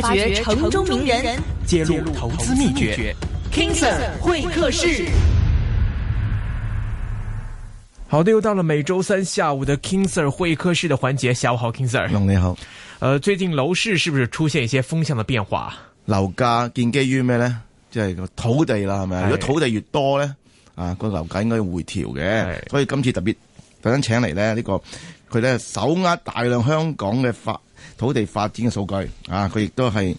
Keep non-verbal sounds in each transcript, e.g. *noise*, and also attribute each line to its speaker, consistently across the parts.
Speaker 1: 挖掘城中名人，揭露投資秘訣。King Sir 會客室。好的，又到了每周三下午的 King Sir 會客室的環節。下午好，King Sir。你好。呃，最近樓市是不是出現一些風向的變化？
Speaker 2: 樓價建基於咩呢？即係個土地啦，係咪？嗯、如果土地越多呢，啊，個樓價應該要回調嘅。嗯、所以今次特別特登請嚟咧呢個，佢咧手握大量香港嘅法。土地發展嘅數據啊，佢亦都係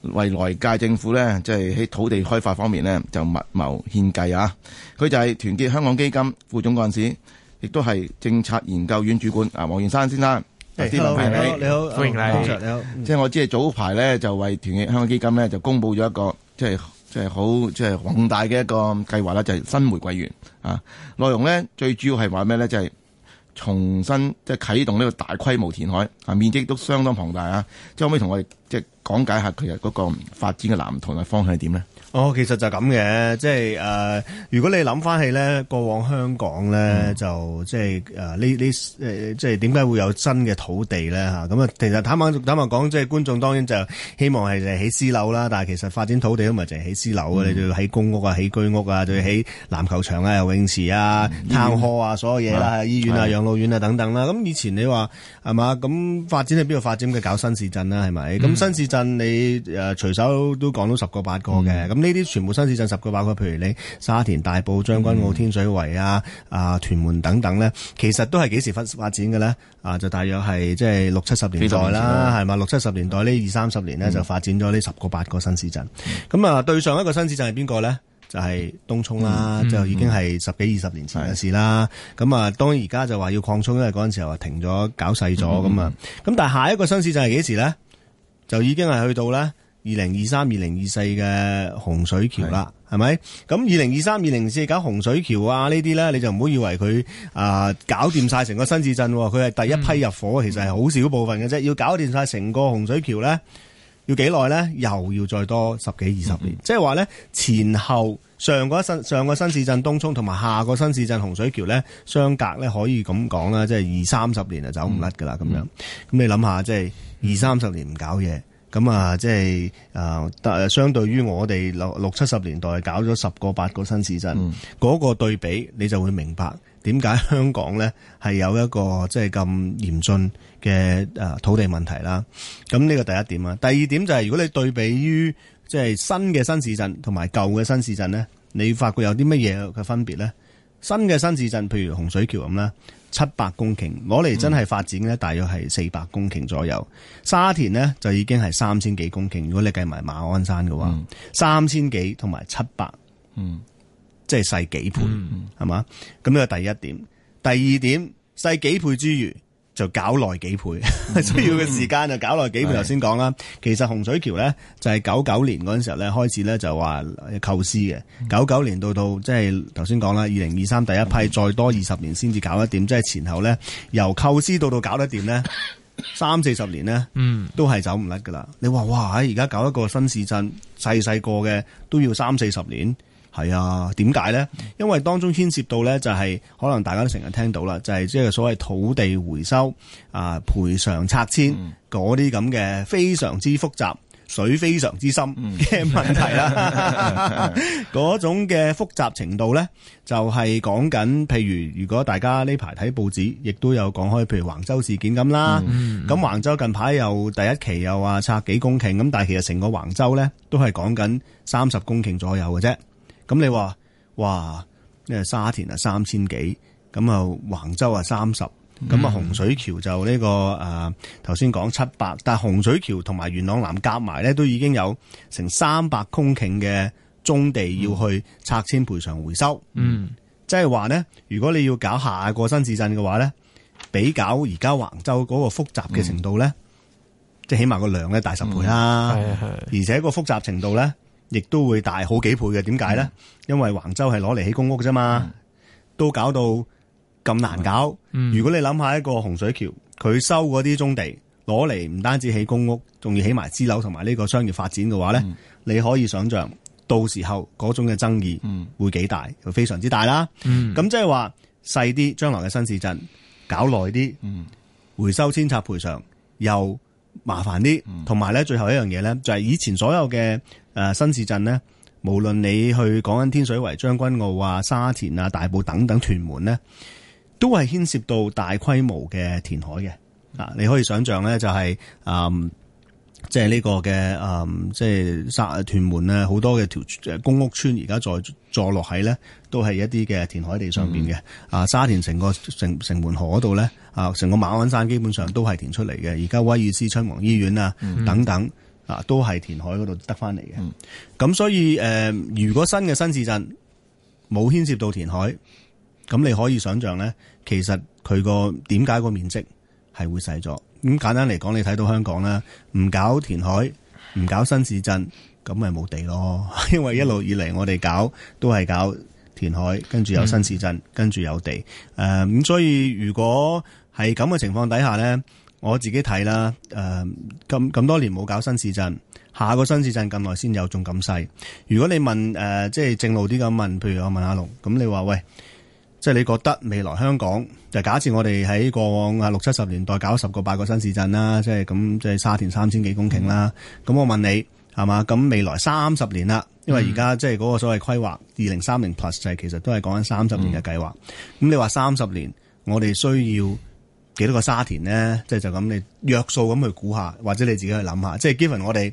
Speaker 2: 為來屆政府咧，即係喺土地開發方面呢，就密謀獻計啊！佢就係團結香港基金副總幹事，亦都係政策研究院主管啊，黃元山先生。Hey, hello, 你好，你好歡迎你。啊、好，即係我，知係早排咧，就為團結香港基金咧，就公布咗一個即係即係好即係宏大嘅一個計劃啦，就係、是、新玫瑰園啊！內容咧，最主要係話咩咧，就係、是。重新即係啟動呢個大規模填海，啊，面積都相當龐大啊！即係可唔可以同我哋即係講解下佢哋嗰個發展嘅藍圖同埋方向係點咧？
Speaker 3: 哦，其實就咁嘅，即係誒，如果你諗翻起咧，過往香港咧，就即係誒呢呢誒，即係點解會有新嘅土地咧嚇？咁啊，其實坦白坦白講，即係觀眾當然就希望係起私樓啦，但係其實發展土地都唔係淨係起私樓嘅，你就要起公屋啊、起居屋啊、就要起籃球場啊、游泳池啊、攤舖啊，所有嘢啦、醫院啊、養老院啊等等啦。咁以前你話係嘛？咁發展喺邊度發展嘅？搞新市鎮啦，係咪？咁新市鎮你誒隨手都講到十個八個嘅，咁。呢啲全部新市鎮十個八個，譬如你沙田、大埔、將軍澳、天水圍啊、啊屯門等等呢，其實都係幾時發發展嘅呢？啊，就大約係即係六七十年代啦，係嘛？六七十年代呢，二三十年呢，就發展咗呢十個八個新市鎮。咁啊，對上一個新市鎮係邊個呢？就係東涌啦，就已經係十幾二十年前嘅事啦。咁啊，當然而家就話要擴充，因為嗰陣時候啊停咗，搞細咗咁啊。咁但係下一個新市鎮係幾時呢？就已經係去到啦。二零二三、二零二四嘅洪水橋啦，係咪是的？咁二零二三、二零四搞洪水橋啊，呢啲呢，你就唔好以為佢啊、呃、搞掂晒成個新市鎮，佢係第一批入伙，其實係好少部分嘅啫。要搞掂晒成個洪水橋呢，要幾耐呢？又要再多十幾二十年，嗯嗯，即係話呢，前後上個新上個新市鎮東涌同埋下個新市鎮洪水橋呢，相隔呢，可以咁講啦，即係二三十年就走唔甩㗎喇咁樣。咁你諗下，即係二三十年唔搞嘢。咁啊，即係啊，相對於我哋六六七十年代搞咗十個八個新市鎮，嗰、嗯、個對比你就會明白點解香港呢係有一個即係咁嚴峻嘅啊土地問題啦。咁呢個第一點啊，第二點就係、是、如果你對比於即係新嘅新市鎮同埋舊嘅新市鎮呢，你發覺有啲乜嘢嘅分別呢？新嘅新市鎮，譬如洪水橋咁啦，七百公頃，攞嚟真係發展咧，大約係四百公頃左右。嗯、沙田咧就已經係三千幾公頃，如果你計埋馬鞍山嘅話，三千幾同埋七百，嗯，即係細幾倍，係嘛，嗯？咁呢個第一點，第二點，細幾倍之餘。就搞耐幾倍，mm hmm. 需要嘅時間就搞耐幾倍。頭先講啦，其實洪水橋咧就係九九年嗰陣時候咧開始咧就話構思嘅，九九、mm hmm. 年到到即係頭先講啦，二零二三第一批再多二十年先至搞得掂，mm hmm. 即係前後咧由構思到到搞得掂咧三四十年咧，嗯，都係走唔甩㗎喇。你話哇喺而家搞一個新市鎮細細個嘅都要三四十年。係啊，點解咧？因為當中牽涉到咧、就是，就係可能大家都成日聽到啦，就係即係所謂土地回收啊、賠償拆遷嗰啲咁嘅，嗯、非常之複雜，水非常之深嘅問題啦。嗰種嘅複雜程度咧，就係講緊，譬如如果大家呢排睇報紙，亦都有講開，譬如橫州事件咁啦。咁橫、嗯嗯、州近排又第一期又話拆幾公頃，咁但係其實成個橫州咧，都係講緊三十公頃左右嘅啫。咁你話哇，呢、這個沙田啊三千幾，咁啊橫州啊三十，咁啊、嗯、洪水橋就呢、這個誒，頭先講七百，但係洪水橋同埋元朗南夾埋咧,都已經有成三百公頃嘅棕地要去拆遷賠償回收，嗯，即係話咧，如果你要搞下個新市鎮嘅話咧，比搞而家橫州嗰個複雜嘅程度咧，嗯、即係起碼個量咧大十倍啦，係啊係，而且個複雜程度咧。亦都會大好幾倍嘅，點解呢？因為橫州係攞嚟起公屋啫嘛，都搞到咁難搞。嗯、如果你諗下一個洪水橋，佢收嗰啲棕地，攞嚟唔單止起公屋，仲要起埋私樓同埋呢個商業發展嘅話呢，嗯、你可以想象到時候嗰種嘅爭議會幾大，嗯、會非常之大啦。咁、嗯、即係話細啲，將來嘅新市鎮搞耐啲，回收遷拆賠償又麻煩啲，同埋呢，最後一樣嘢呢，就係、是、以前所有嘅。誒、啊、新市鎮呢，無論你去講緊天水圍、將軍澳啊、沙田啊、大埔等等屯門呢，都係牽涉到大規模嘅填海嘅。嗯、啊，你可以想象咧，就係、是、誒、嗯，即係呢、這個嘅誒、嗯，即係沙屯門咧好多嘅條公屋村，而家在坐，坐落喺呢，都係一啲嘅填海地上邊嘅。嗯、啊，沙田成個城城門河度咧，啊，成個馬鞍山基本上都係填出嚟嘅。而家威爾斯親王醫院啊，等等。嗯嗯啊，都係填海嗰度得翻嚟嘅。咁、嗯、所以，誒、呃，如果新嘅新市鎮冇牽涉到填海，咁你可以想象咧，其實佢個點解個面積係會細咗？咁、嗯、簡單嚟講，你睇到香港咧，唔搞填海，唔搞新市鎮，咁咪冇地咯。因為一路以嚟我哋搞都係搞填海，跟住有新市鎮，跟住有地。誒、嗯，咁、嗯、所以如果係咁嘅情況底下咧。我自己睇啦，誒、呃，咁咁多年冇搞新市鎮，下個新市鎮咁耐先有，仲咁細。如果你問誒，即、呃、係、就是、正路啲咁問，譬如我問問阿龍，咁你話喂，即、就、係、是、你覺得未來香港，就是、假設我哋喺過往啊六七十年代搞十個八個新市鎮啦，即係咁，即、就、係、是、沙田三千幾公頃啦，咁、mm hmm. 我問你係嘛？咁未來三十年啦，因為而家即係嗰個所謂規劃二零三零 plus 就係其實都係講緊三十年嘅計劃。咁、mm hmm. 你話三十年，我哋需要幾多個沙田咧，即係就咁你約數咁去估下，或者你自己去諗下。即係 given 我哋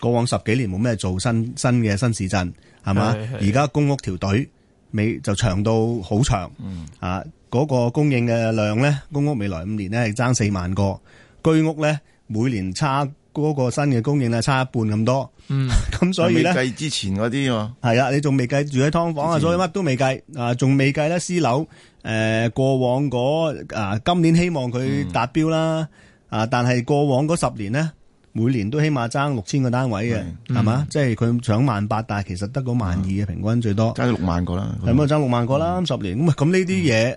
Speaker 3: 過往十幾年冇咩做新新嘅新市鎮，係嘛？而家是公屋條隊未就長到好長，嗯、啊嗰、嗰個供應嘅量咧，公屋未來五年咧係爭四萬個居屋咧，每年差。嗰個新嘅供應啊，差一半咁多。
Speaker 2: 嗯，咁所以咧，未計之前嗰啲喎，
Speaker 3: 係啦，你仲未計住喺劏房啊，所以乜都未計啊，仲未計咧私樓。誒，過往嗰啊，今年希望佢達標啦。啊，但係過往嗰十年呢，每年都起碼爭六千個單位嘅，係嘛？即係佢上萬八，但係其實得嗰萬二嘅平均最多爭六萬個啦。係咪爭六萬個啦？十年咁啊？咁呢啲嘢，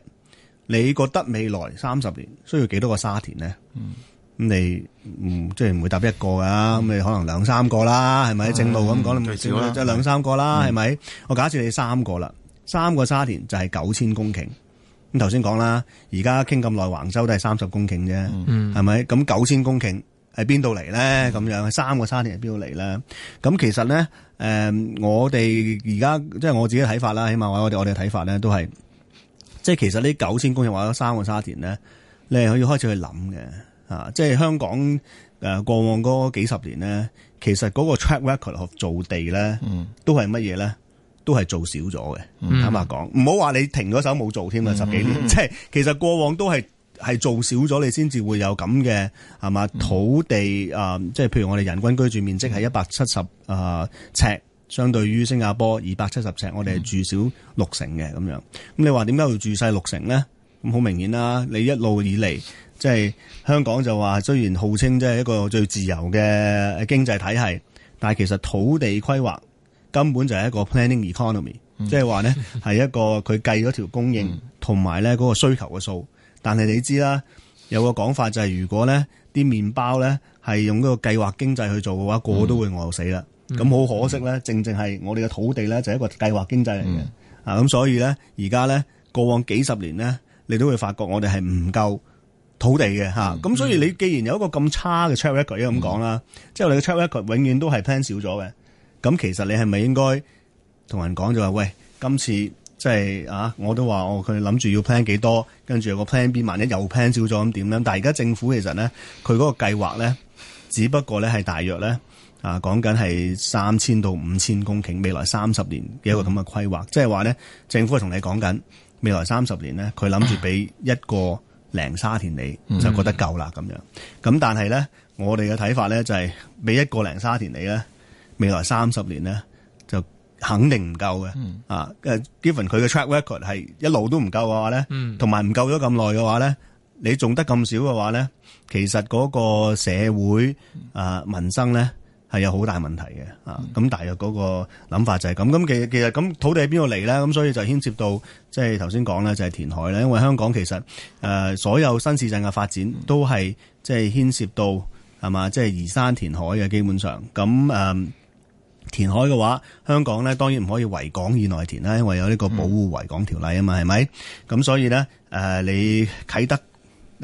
Speaker 3: 你覺得未來三十年需要幾多個沙田咧？嗯。咁你唔即係唔會答一個噶，咁、嗯、你可能兩三個啦，係咪？正路咁講，就兩、嗯、三個啦，係咪、嗯？我假設你三個啦，三個沙田就係九千公頃。咁頭先講啦，而家傾咁耐橫州都係三十公頃啫，係咪、嗯？咁九千公頃係邊度嚟咧？咁、嗯、樣三個沙田係邊度嚟咧？咁其實咧，誒、呃，我哋而家即係我自己睇法啦，起碼我我哋我哋睇法咧都係，即、就、係、是、其實呢九千公頃或者三個沙田咧，你係可以開始去諗嘅。啊，即係香港誒、呃，過往嗰幾十年咧，其實嗰個 track record of 做地咧，、嗯，都係乜嘢咧？都係做少咗嘅，嗯、坦白講，唔好話你停咗手冇做添啦，嗯、十幾年，嗯、即係其實過往都係係做少咗，你先至會有咁嘅係嘛土地啊、呃，即係譬如我哋人均居住面積係一百七十啊尺，嗯、相對於新加坡二百七十尺，我哋係住少六成嘅咁樣。咁、嗯、你話點解會住細六成咧？咁好明顯啦，你一路以嚟。即係香港就話，雖然號稱即係一個最自由嘅經濟體系，但係其實土地規劃根本就係一個 planning economy，嗯、即係話呢係 *laughs* 一個佢計咗條供應同埋呢嗰個需求嘅數。但係你知啦，有個講法就係，如果呢啲麵包呢係用嗰個計劃經濟去做嘅話，個個都會餓死啦。咁好、嗯、可惜呢，正正係我哋嘅土地呢就係一個計劃經濟嚟嘅、嗯嗯、啊。咁、嗯嗯啊啊啊、所以呢，而家呢，過往幾十年呢，你都會發覺我哋係唔夠。土地嘅嚇，咁、嗯啊、所以你既然有一個咁差嘅 track record 咁講啦，嗯、即係你嘅 track record 永遠都係 plan 少咗嘅。咁其實你係咪應該同人講就話喂，今次即係、就是、啊，我都話我佢諗住要 plan 幾多，跟住有個 plan B，萬一又 plan 少咗咁點樣？但係而家政府其實咧，佢嗰個計劃咧，只不過咧係大約咧啊，講緊係三千到五千公頃，未來三十年嘅一個咁嘅規劃，即係話咧，政府係同你講緊未來三十年咧，佢諗住俾一個零沙田你就覺得夠啦咁樣，咁但係咧，我哋嘅睇法咧就係俾一個零沙田你咧，未來三十年咧就肯定唔夠嘅，啊，誒，given 佢嘅 track record 係一路都唔夠嘅話咧，同埋唔夠咗咁耐嘅話咧，你仲得咁少嘅話咧，其實嗰個社會啊民生咧。係有好大問題嘅，嗯、啊！咁大約嗰個諗法就係咁。咁其實其實咁土地喺邊度嚟咧？咁所以就牽涉到即係頭先講咧，就係、是、填海咧。因為香港其實誒、呃、所有新市鎮嘅發展都係即係牽涉到係嘛，即係移山填海嘅基本上。咁、嗯、誒填海嘅話，香港咧當然唔可以維港以內填啦，因為有呢個保護維港條例啊嘛，係咪？咁、嗯、所以咧誒、呃，你啟德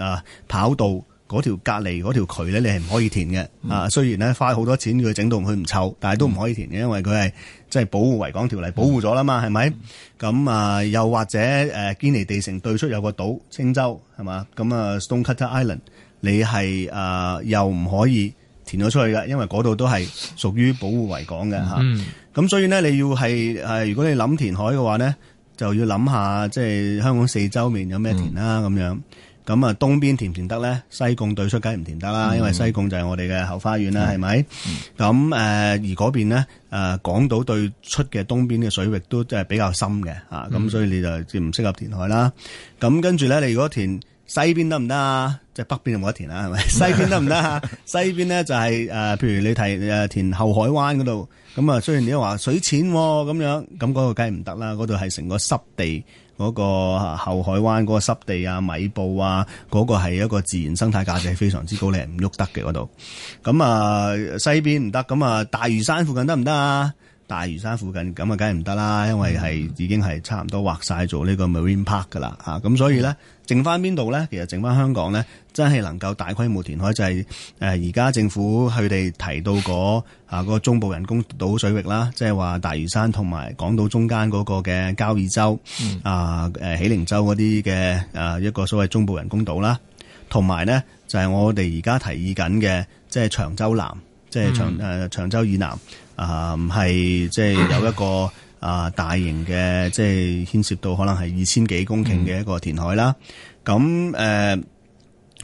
Speaker 3: 啊、呃、跑道，嗰條隔離嗰條渠咧，你係唔可以填嘅、嗯、啊！雖然咧花好多錢去整到佢唔臭，但係都唔可以填嘅，因為佢係即係保護維港條例保護咗啦嘛，係咪、嗯？咁啊，又或者誒堅、啊、尼地城對出有個島青洲，係嘛？咁啊 Stonecutter Island，你係啊又唔可以填咗出去㗎，因為嗰度都係屬於保護維港嘅嚇。咁、嗯啊、所以呢，你要係係、啊、如果你諗填海嘅話呢，就要諗下即係香港四周面有咩填啦咁、嗯、樣。咁啊，東邊填唔填得咧？西貢對出梗係唔填得啦，因為西貢就係我哋嘅後花園啦，係咪？咁誒，而嗰邊咧誒，港島對出嘅東邊嘅水域都真係比較深嘅嚇，咁所以你就唔適合填海啦。咁跟住咧，你如果填西邊得唔得啊？即係北邊就冇得填啦，係咪？西邊得唔得啊？西邊咧就係誒，譬如你提誒填後海灣嗰度，咁啊，雖然你話水淺咁樣，咁嗰個梗係唔得啦，嗰度係成個濕地。嗰個後海灣嗰個濕地啊、米埔啊，嗰、那個係一個自然生態價值係非常之高，你係唔喐得嘅嗰度。咁、那、啊、個那個、西邊唔得，咁、那、啊、個、大嶼山附近得唔得啊？大嶼山附近咁啊，梗係唔得啦，因為係已經係差唔多畫晒做呢個 marine park 噶啦嚇，咁、啊、所以咧，剩翻邊度咧？其實剩翻香港咧，真係能夠大規模填海就係誒而家政府佢哋提到嗰、嗰個、啊嗰、嗰個中部人工島水域啦，即係話大嶼山同埋港島中間嗰個嘅交椅洲、嗯、啊誒喜靈洲嗰啲嘅啊一個所謂中部人工島啦，同埋咧就係、係、我哋而家提議緊嘅即係長洲南，即、就、係、係、長誒、嗯啊、長洲以南。啊，係、嗯、即係有一個啊、呃，大型嘅即係牽涉到可能係二千幾公頃嘅一個填海啦。咁誒、嗯呃，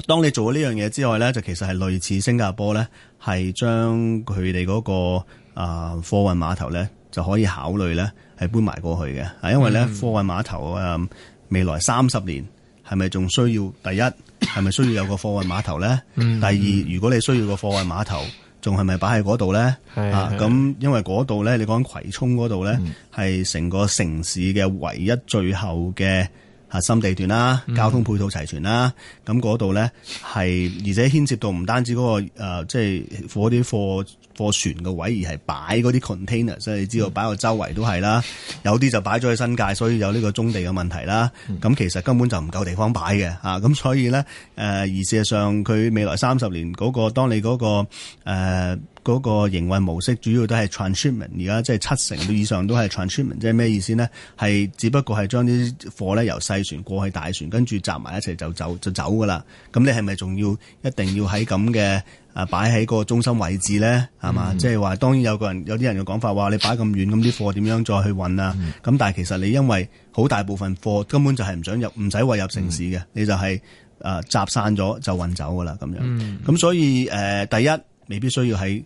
Speaker 3: 當你做咗呢樣嘢之外咧，就其實係類似新加坡咧，係將佢哋嗰個啊、呃、貨運碼頭咧就可以考慮咧，係搬埋過去嘅。啊，因為咧、嗯、貨運碼頭誒、嗯、未來三十年係咪仲需要？第一係咪需要有個貨運碼頭咧？嗯、第二，如果你需要個貨運碼頭。仲係咪擺喺嗰度咧？係是的 啊，咁因為嗰度咧，你講葵涌嗰度咧，係成、嗯、個城市嘅唯一最後嘅核心地段啦、啊，交通配套齊全啦、啊，咁嗰度咧係而且牽涉到唔單止嗰、嗰個誒、即、呃、係、就是、貨啲貨。貨船個位而係擺嗰啲 container，所以你知道擺到周圍都係啦，有啲就擺咗喺新界，所以有呢個棕地嘅問題啦。咁其實根本就唔夠地方擺嘅嚇，咁、啊、所以咧誒、呃，而事實上佢未來三十年嗰、那個，當你嗰、那個、呃嗰個營運模式主要都係 transshipment，而家即係七成都以上都係 transshipment，即係咩意思呢？係只不過係將啲貨咧由細船過去大船，跟住集埋一齊就走就走㗎喇。咁你係咪仲要一定要喺咁嘅啊擺喺個中心位置呢？係嘛？嗯、即係話當然有個人有啲人嘅講法話你擺咁遠，咁啲貨點樣再去運啊？咁、嗯、但係其實你因為好大部分貨根本就係唔想入，唔使話入城市嘅，嗯、你就係、是、啊集散咗就運走㗎喇咁樣。咁、嗯、所以誒、呃，第一未必需要喺。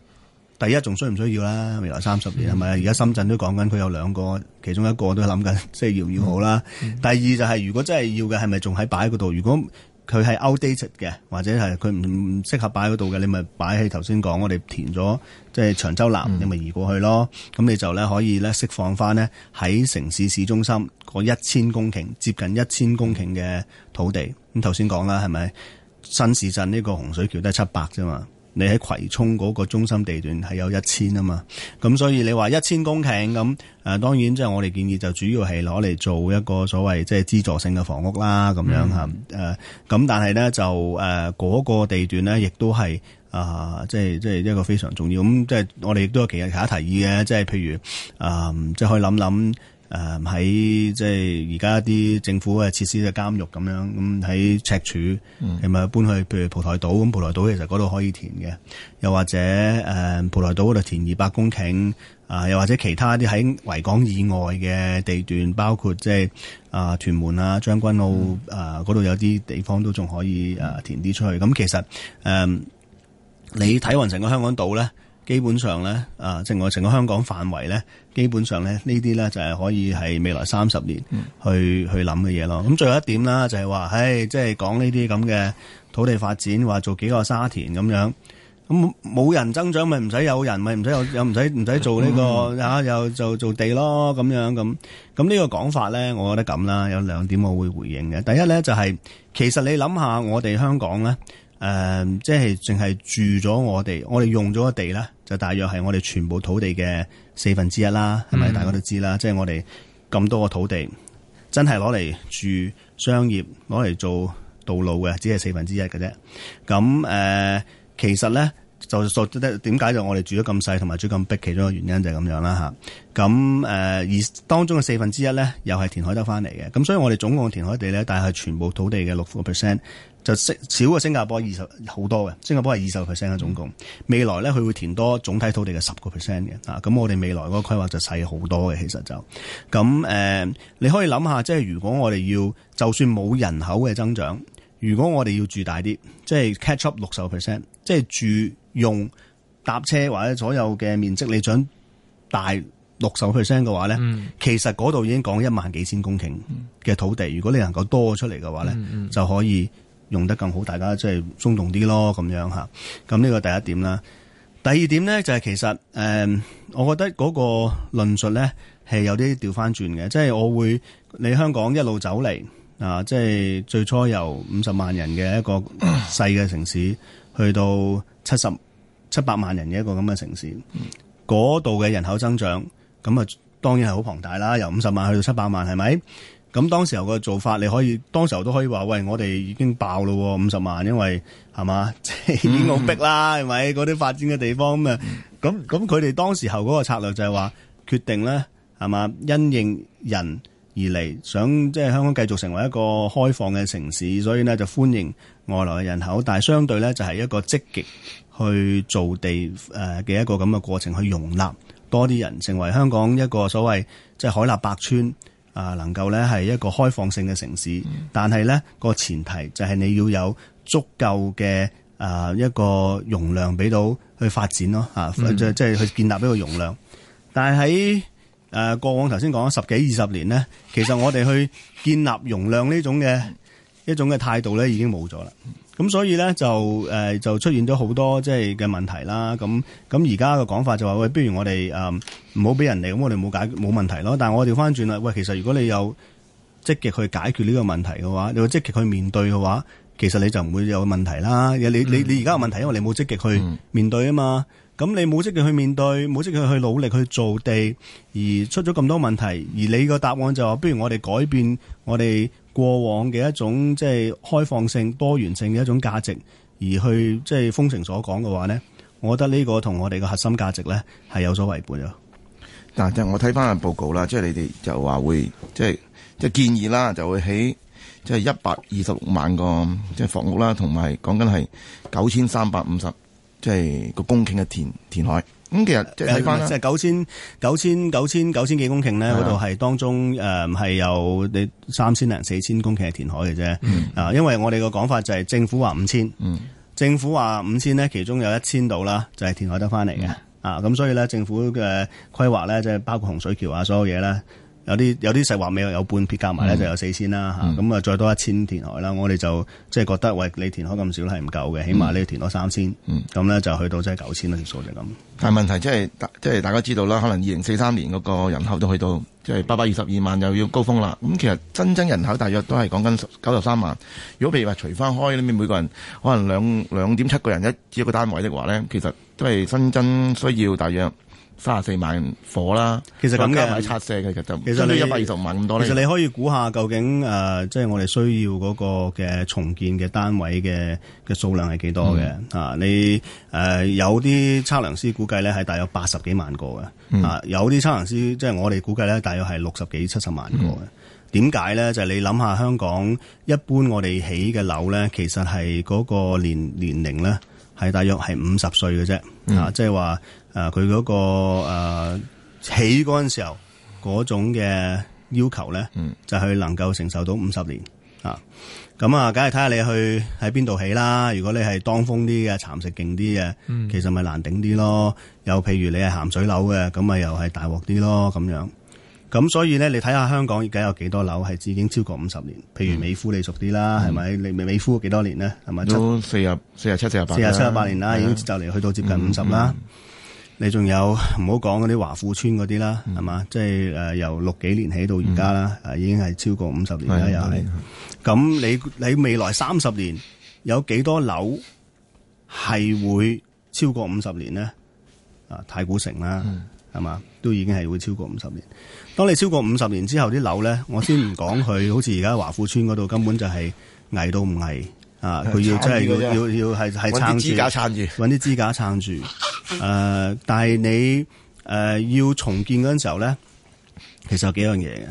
Speaker 3: 第一仲需唔需要啦？未來三十年係咪？而家、嗯、深圳都講緊佢有兩個，其中一個都諗緊，即 *laughs* 係要要好啦。嗯、第二就係、係、如果真係要嘅，係咪仲喺擺嗰度？如果佢係 outdated 嘅，或者係佢唔唔適合擺嗰度嘅，你咪擺喺頭先講，我哋填咗即係長洲南，你咪移過去咯。咁、嗯、你就咧可以咧釋放翻呢，喺城市市中心嗰一千公頃，接近一千公頃嘅土地。咁頭先講啦，係咪新市鎮呢、呢個洪水橋都係七百啫嘛？你喺葵涌嗰個中心地段係有一千啊嘛，咁所以你話一千公頃咁，誒、呃、當然即係我哋建議就主要係攞嚟做一個所謂即係資助性嘅房屋啦，咁樣嚇誒，咁、嗯呃、但係咧就誒嗰、呃嗰個地段咧亦都係啊，即係即係一個非常重要，咁即係我哋亦都有其他提議嘅，即、就、係、是、譬如啊，即、呃、係、就是、可以諗諗。誒喺即係而家啲政府嘅設施嘅監獄咁樣，咁喺赤柱係咪搬去？譬如蒲台島，咁蒲台島其實嗰度可以填嘅，又或者誒蒲台島嗰度填二百公頃，啊又或者其他啲喺維港以外嘅地段，包括即係啊屯門啊將軍澳、嗯、啊嗰度有啲地方都仲可以誒填啲出去。咁、嗯、其實誒、嗯、你睇完成個香港島咧。基本上咧，啊、呃，即係成個香港範圍咧，基本上咧，呢啲咧就係、是、可以係未來三十年去、嗯、去諗嘅嘢咯。咁、嗯、最後一點啦、哎，就係話，唉，即係講呢啲咁嘅土地發展，話做幾個沙田咁樣，咁冇人增長咪唔使有人，咪唔使有，又唔使唔使做呢個嚇，又就做地咯咁樣咁。咁呢個講法咧，我覺得咁啦。有兩點我會回應嘅，第一咧就係、是、其實你諗下我哋香港咧。誒，uh, 即係淨係住咗我哋，我哋用咗個地咧，就大約係我哋全部土地嘅四分之一啦，係咪？Mm hmm. 大家都知啦，即係我哋咁多個土地，真係攞嚟住商業，攞嚟做道路嘅，只係四分之一嘅啫。咁誒、呃，其實咧就所點解就我哋住咗咁細，同埋最咁逼，其中一個原因就係咁樣啦吓。咁誒、呃，而當中嘅四分之一咧，又係填海得翻嚟嘅。咁所以我哋總共填海地咧，大概係全部土地嘅六個 percent。就少個新加坡二十好多嘅。新加坡係二十 percent 啊。總共未來咧，佢會填多總體土地嘅十個 percent 嘅啊。咁我哋未來嗰個規劃就細好多嘅。其實就咁誒、啊，你可以諗下，即係如果我哋要就算冇人口嘅增長，如果我哋要住大啲，即係 catch up 六十 percent，即係住用搭車或者所有嘅面積，你想大六十 percent 嘅話咧，嗯、其實嗰度已經講一萬幾千公頃嘅土地，如果你能夠多出嚟嘅話咧，嗯嗯就可以用得更好，大家即係鬆動啲咯，咁樣吓，咁呢個第一點啦。第二點呢，就係、是、其實誒、呃，我覺得嗰個論述呢係有啲調翻轉嘅。即係我會，你香港一路走嚟啊，即係最初由五十萬人嘅一個細嘅城市，去到七十七百萬人嘅一個咁嘅城市，嗰度嘅人口增長，咁啊當然係好龐大啦。由五十萬去到七百萬，係咪？咁當時候個做法，你可以當時候都可以話，喂，我哋已經爆咯，五十萬，因為係嘛，即係 *laughs* 已經好逼啦，係咪？嗰啲發展嘅地方咁啊，咁咁佢哋當時候嗰個策略就係話，決定咧係嘛，因應人而嚟，想即係、就是、香港繼續成為一個開放嘅城市，所以呢，就歡迎外來嘅人口，但係相對咧就係、是、一個積極去做地誒嘅一個咁嘅過程，去容納多啲人，成為香港一個所謂即係海納百川。啊，能夠咧係一個開放性嘅城市，嗯、但係咧、呢個前提就係你要有足夠嘅啊、呃、一個容量俾到去發展咯嚇，啊嗯、即係去建立呢個容量。但係喺誒過往頭先講咗十幾二十年呢，其實我哋去建立容量呢種嘅、嗯、一種嘅態度咧已經冇咗啦。咁所以咧就誒、呃、就出現咗好多即係嘅問題啦，咁咁而家嘅講法就話、是、喂，不如我哋誒唔好俾人哋，咁我哋冇解冇問題咯。但係我調翻轉啦，喂，其實如果你有積極去解決呢個問題嘅話，你積極去面對嘅話，其實你就唔會有問題啦。你你你而家嘅問題，因為你冇積極去面對啊嘛。咁、嗯、你冇積極去面對，冇積極去努力去做地，而出咗咁多問題，而你個答案就話、是、不如我哋改變我哋。過往嘅一種即係開放性、多元性嘅一種價值，而去即係封城所講嘅話呢，我覺得呢個同我哋嘅核心價值呢係有所違
Speaker 2: 背咯。但即係我睇翻個報告啦，即係你哋就話會即係即係建議啦，就會喺即係一百二十六萬個即係房屋啦，同埋講緊係九千三百五十即係個公頃嘅填填海。咁、嗯、其實即係睇翻，即
Speaker 3: 係九千九千九千九千幾公頃咧，嗰度係當中誒係、呃、有你三千零四千公頃係填海嘅啫。啊、嗯，因為我哋個講法就係政府話五千，嗯、政府話五千咧，其中有一千度啦，就係填海得翻嚟嘅。嗯、啊，咁所以咧政府嘅規劃咧，即係包括洪水橋啊，所有嘢咧。有啲有啲細話尾有半撇加埋咧、嗯、就有四千啦嚇，咁啊、嗯、再多一千填海啦，嗯、我哋就即係覺得喂，你填海咁少咧係唔夠嘅，嗯、起碼你要填多三千，咁咧、嗯、就去到即係九千啦，條數就咁。
Speaker 2: 但係問題即係即係大家知道啦，可能二零四三年嗰個人口都去到即係八百二十二萬又要高峰啦。咁其實新增人口大約都係講緊九十三萬。如果譬如話除翻開你每個人可能兩兩點七個人一一個單位的話咧，其實都係新增需要大約。三十四萬火啦，其實咁嘅，拆卸嘅就其實你一百二十萬咁多，其實你
Speaker 3: 可以估下究竟誒、即、呃、係、就是、我哋需要嗰個嘅重建嘅單位嘅嘅數量係幾多嘅、嗯、啊？你誒、呃、有啲測量師估計咧係大約八十幾萬個嘅、嗯、啊，有啲測量師即係、就是、我哋估計咧大約係六十幾七十萬個嘅。點解咧？就係、是、你諗下香港一般我哋起嘅樓咧，其實係嗰個年年齡咧係大約係五十歲嘅啫啊，即係話。啊！佢嗰、嗰個誒、啊、起嗰陣時候嗰種嘅要求咧，嗯、就係能夠承受到五十年啊！咁啊，梗係睇下你去喺邊度起啦。如果你係當風啲嘅、蠶食勁啲嘅，其實咪難頂啲咯。又譬如你係鹹水樓嘅，咁咪又係大鑊啲咯。咁樣咁、啊，所以咧，你睇下香港而家有幾多樓係已經超過五十年？譬如美孚你熟啲啦，係咪、嗯？你美美孚幾多年咧？係咪？都四
Speaker 2: 十四十七、四十八、四十、啊、七、十八年啦，已經就嚟去到接近五十啦。嗯
Speaker 3: 你仲有唔好講嗰啲華富邨嗰啲啦，係嘛、嗯？即係誒、呃、由六幾年起到而家啦，已經係超過五十年啦，又係。咁你你未來三十年有幾多樓係會超過五十年咧？啊，太古城啦，係嘛、嗯？都已經係會超過五十年。當你超過五十年之後，啲樓咧，我先唔講佢，好似而家華富邨嗰度根本就係危都唔危。啊！佢要真係要要要係係撐住，揾啲支架撐住，揾啲支架撐住。誒、 *laughs* 呃，但係你誒、呃、要重建嗰陣時候咧，其實有幾樣嘢嘅。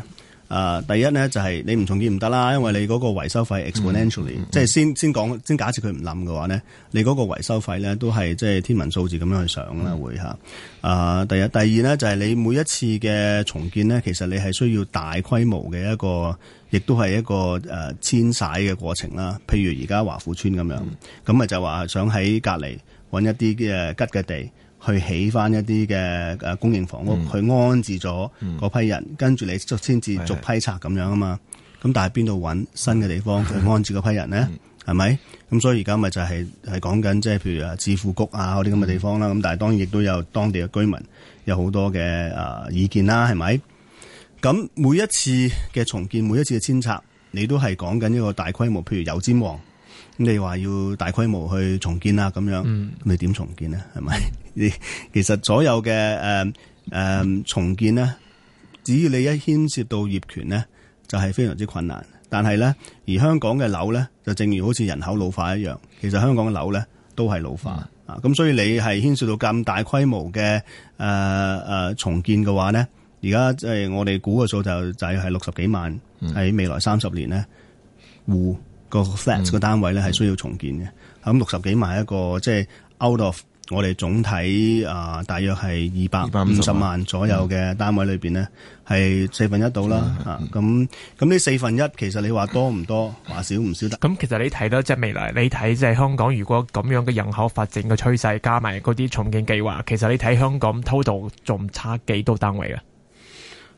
Speaker 3: 誒、呃，第一咧就係、是、你唔重建唔得啦，因為你嗰個維修費 exponentially，、嗯嗯、即係先先講先假設佢唔冧嘅話咧，你嗰個維修費咧都係即係天文數字咁樣去上啦會吓。誒、嗯啊，第一第二咧就係、是、你每一次嘅重建咧，其實你係需要大規模嘅一個。亦都係一個誒遷徙嘅過程啦，譬如而家華富村咁樣，咁咪、嗯、就話想喺隔離揾一啲嘅、呃、吉嘅地去起翻一啲嘅誒公營房屋去安置咗嗰批人，跟住你就先至逐批拆咁樣啊嘛。咁是是 但係邊度揾新嘅地方去安置嗰批人呢？係咪、嗯？咁所以而家咪就係、是、係講緊即係譬如誒置富谷啊嗰啲咁嘅地方啦。咁但係當然亦都有當地嘅居民有好多嘅誒意見啦。係、嗯、咪？啊咁每一次嘅重建，每一次嘅遷拆，你都係講緊一個大規模，譬如油尖旺。咁你話要大規模去重建啦，咁樣，你點重建呢？係咪？你其實所有嘅誒誒重建呢，只要你一牽涉到業權呢，就係、是、非常之困難。但係呢，而香港嘅樓呢，就正如好似人口老化一樣，其實香港嘅樓呢，都係老化、嗯、啊。咁所以你係牽涉到咁大規模嘅誒誒重建嘅話呢。而家即係我哋估嘅數就就係六十幾萬喺、嗯、未來三十年呢，戶、個 flat 嘅單位咧係需要重建嘅。咁六十幾萬一個即係、就是、out of 我哋總體啊，大約係二百五十萬左右嘅單位裏邊呢，係四分一到啦。嚇咁咁呢四分一其實你話多唔多，話少唔少得、
Speaker 1: 嗯？咁、嗯、其實你睇到即係未來你睇即係香港，如果咁樣嘅人口發展嘅趨勢，加埋嗰啲重建計劃，其實你睇香港 total 仲差幾多單位啊？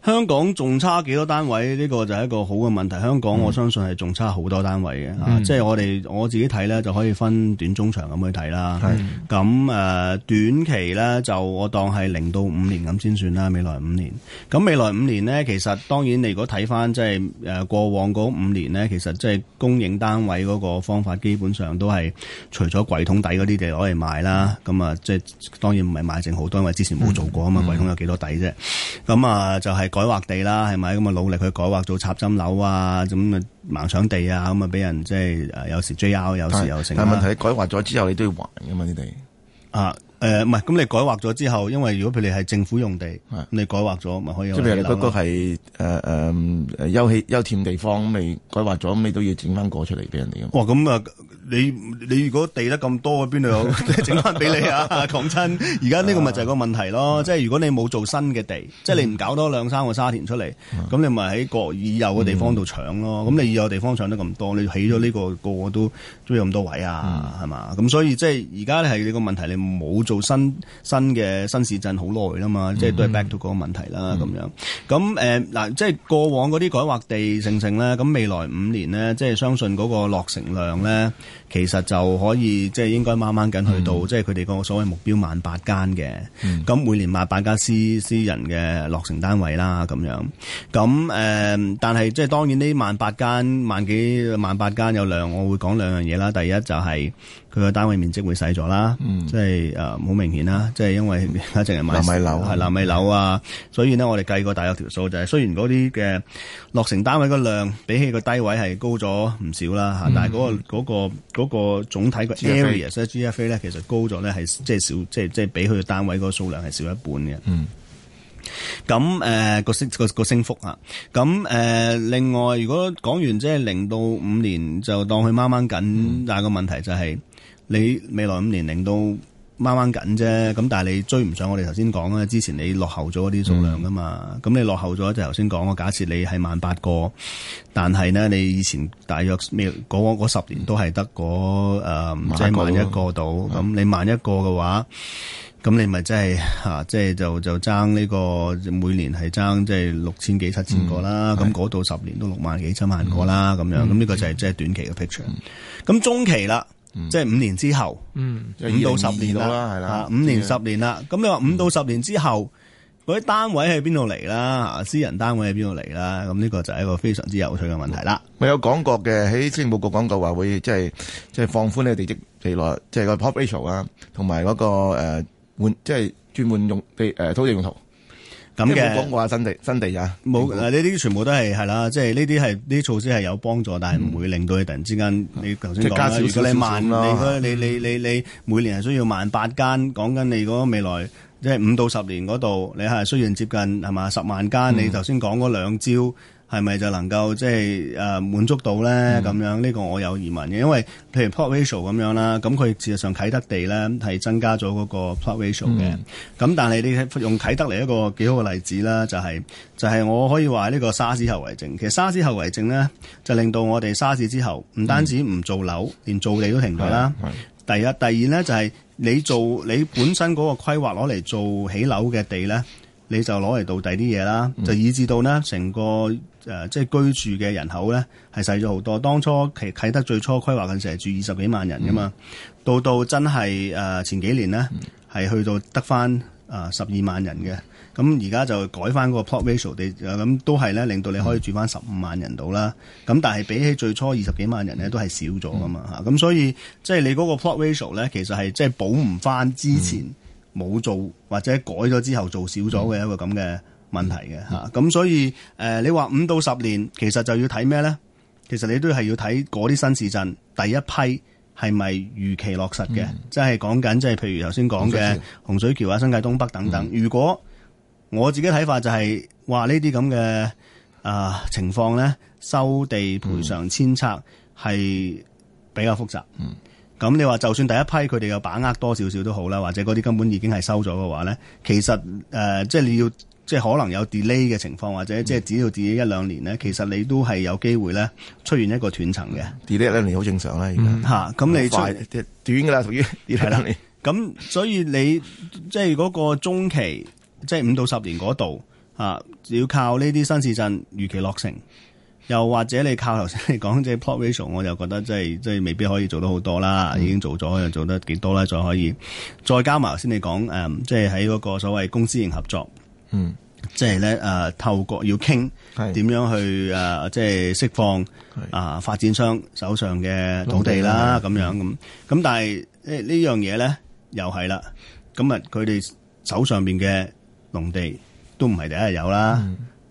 Speaker 3: 香港仲差幾多單位？呢個就係一個好嘅問題，香港我相信係仲差好多單位嘅，嗯、啊，即係我哋我自己睇咧，就可以分短中長咁去睇啦。係，咁誒、啊、短期咧就我當係零到五年咁先算啦。未來五年，咁未來五年咧，其實當然你如果睇翻即係誒過往嗰五年咧，其實即係供應單位嗰個方法基本上都係除咗櫃桶底嗰啲地攞嚟賣啦。咁啊，即係當然唔係賣剩好多，因為之前冇做過啊嘛，櫃桶、嗯、有幾多底啫。咁啊，就係。改劃地啦，係咪咁啊？努力去改劃做插針樓啊，咁啊盲搶地啊，咁啊畀人即係誒，有時 J R，有時又成但。但係問題，你
Speaker 2: 改劃咗之後，你都要還
Speaker 3: 噶嘛你哋。啊。誒，唔係，咁你改劃咗之後，因為如果譬如係政府用地，你改劃咗咪可以？即係嗰個係誒誒，
Speaker 2: 休憩休田地方，未改劃咗，咁你都要整翻個出嚟俾人哋。
Speaker 3: 哇，咁啊，你你如果地得咁多，邊度有整翻俾你啊？講真，而家呢個咪就係個問題咯。即係如果你冇做新嘅地，即係你唔搞多兩三個沙田出嚟，咁你咪喺個已有嘅地方度搶咯。咁你已有地方搶得咁多，你起咗呢個個個都都要咁多位啊，係嘛？咁所以即係而家咧係你個問題，你冇。做新新嘅新市鎮好耐啦嘛，即係都係 back to 嗰個問題啦，咁、嗯、樣咁誒嗱，即係過往嗰啲改劃地成成咧，咁未來五年呢，即係相信嗰個落成量咧，其實就可以即係應該掹掹緊去到，嗯、即係佢哋個所謂目標萬八間嘅，咁、嗯、每年萬八間私私人嘅落成單位啦，咁樣咁誒、呃，但係即係當然呢萬八間萬幾萬八間有量，我會講兩樣嘢啦，第一就係、是。佢嘅單位面積會細咗啦，即係誒好明顯啦，即係因為而家淨係買納米樓，係納米樓啊，啊，所以呢，我哋計過大約條數就係，雖然嗰啲嘅落成單位嘅量比起個低位係高咗唔少啦嚇，嗯、但係、那、嗰個嗰、嗯那個嗰、那個那個總體個 area，GFA 咧，其實高咗咧係即係少，即係即係比佢嘅單位個數量係少一半嘅。嗯。咁誒、呃那個升升幅啊，咁、那、誒、個、另外如果講完即係零到五年就當佢掹掹緊，但係個問題就係、是。你未來五年齡都掹掹緊啫，咁但係你追唔上我哋頭先講咧。之前你落後咗啲數量噶嘛，咁、嗯、你落後咗就頭先講，我假設你係萬八個，但係呢，你以前大約咩？嗰十年都係得嗰即係萬一個到，咁、嗯、你萬一個嘅話，咁、嗯、你咪即係嚇，即、啊、係就係、就爭呢、呢個每年係爭即係六千幾七千個啦。咁嗰度十年都六萬幾七萬個啦，咁、嗯、樣咁呢、嗯嗯、個就係即係短期嘅 picture。咁、嗯、中期啦。即係五年之後，
Speaker 2: 五、嗯、到十年啦，係啦，五年十
Speaker 3: 年啦。咁的你話五到十年之後，嗰啲單位喺邊度嚟？啦？嗯、私人單位喺邊度嚟啦？咁呢個就係一個非常之有趣嘅問
Speaker 2: 題啦。我、嗯、有講過嘅，喺政務局講過話會，即係即係放寬呢個地積比率，即係個、就是、pop ratio 啊、那個，同埋嗰個誒換，即係轉換用地誒土地用途。咁嘅，我話新地新地啊，冇沒，誒呢啲全部
Speaker 3: 都係係啦，即係呢啲係呢啲措施係有幫助，但係唔會令到你突然之間，嗯、你頭先講加少少如果你萬，你你你你你，你，你、嗯、每年係需要萬八間，講緊你嗰個未來即係五到十年嗰度，你係雖然接近係嘛十萬間，嗯、你頭先講嗰兩招。係咪就能夠即係誒、呃、滿足到咧？咁、嗯、樣呢、這個我有疑問嘅，因為譬如 plot ratio 咁樣啦，咁佢事實上啟德地咧係增加咗嗰個 plot ratio 嘅。咁、嗯、但係你用啟德嚟一個幾好嘅例子啦，就係、是、就係、是、我可以話呢個沙士後遺症。其實沙士後遺症咧，就令到我哋沙士之後唔單止唔做樓，嗯、連做地都停咗啦。第一、第二咧就係、是、你做你本身嗰個規劃攞嚟做起樓嘅地咧。你就攞嚟到底啲嘢啦，嗯、就以至到呢成個誒、呃、即係居住嘅人口呢，係細咗好多。當初其啟、啟德最初規劃嗰陣時係住二十幾萬人㗎嘛，嗯、到到真係誒、呃、前幾年呢，係、嗯、去到得翻誒十二萬人嘅。咁而家就改翻個 plot ratio 地、啊、咁都係呢，令到你可以住翻十五萬人度啦。咁、嗯、但係比起最初二十幾萬人呢，都係少咗㗎嘛嚇。咁、嗯嗯嗯、所以即係你嗰個 plot ratio 呢其實係即係補唔翻之前。冇做或者改咗之後做少咗嘅一個咁嘅問題嘅嚇，咁、嗯啊、所以誒、呃、你話五到十年其實就要睇咩呢？其實你都係要睇嗰啲新市鎮第一批係咪如期落實嘅？嗯、即係講緊即係譬如頭先講嘅洪水橋啊、新界東北等等。嗯、如果我自己睇法就係話呢啲咁嘅啊情況呢，收地賠償遷拆係比較複雜。嗯嗯咁你話就算第一批佢哋有把握多少少都好啦，或者嗰啲根本已經係收咗嘅話咧，其實誒、呃，即係你要，即係可能有 delay 嘅情況，或者即係只要自己一兩年咧，其實你都係有機會咧出現一個斷層嘅 delay 一兩年好正常啦，而家嚇咁你出短㗎啦，屬於 delay 兩年。咁的 *laughs* 所以你即係嗰個中期，即係五到十年嗰度嚇，啊、要靠呢啲新市鎮如期落成。又或者你靠頭先你講即係 provision，我又覺得即係即係未必可以做得好多啦，已經做咗又做得幾多啦，再可以再加埋頭先你講誒，即係喺嗰個所謂公私營合作，嗯，即係咧誒，透過要傾點樣去誒，即係釋放啊發展商手上嘅土地啦，咁樣咁咁，但係誒呢樣嘢咧又係啦，咁啊佢哋手上邊嘅農地都唔係第一日有啦，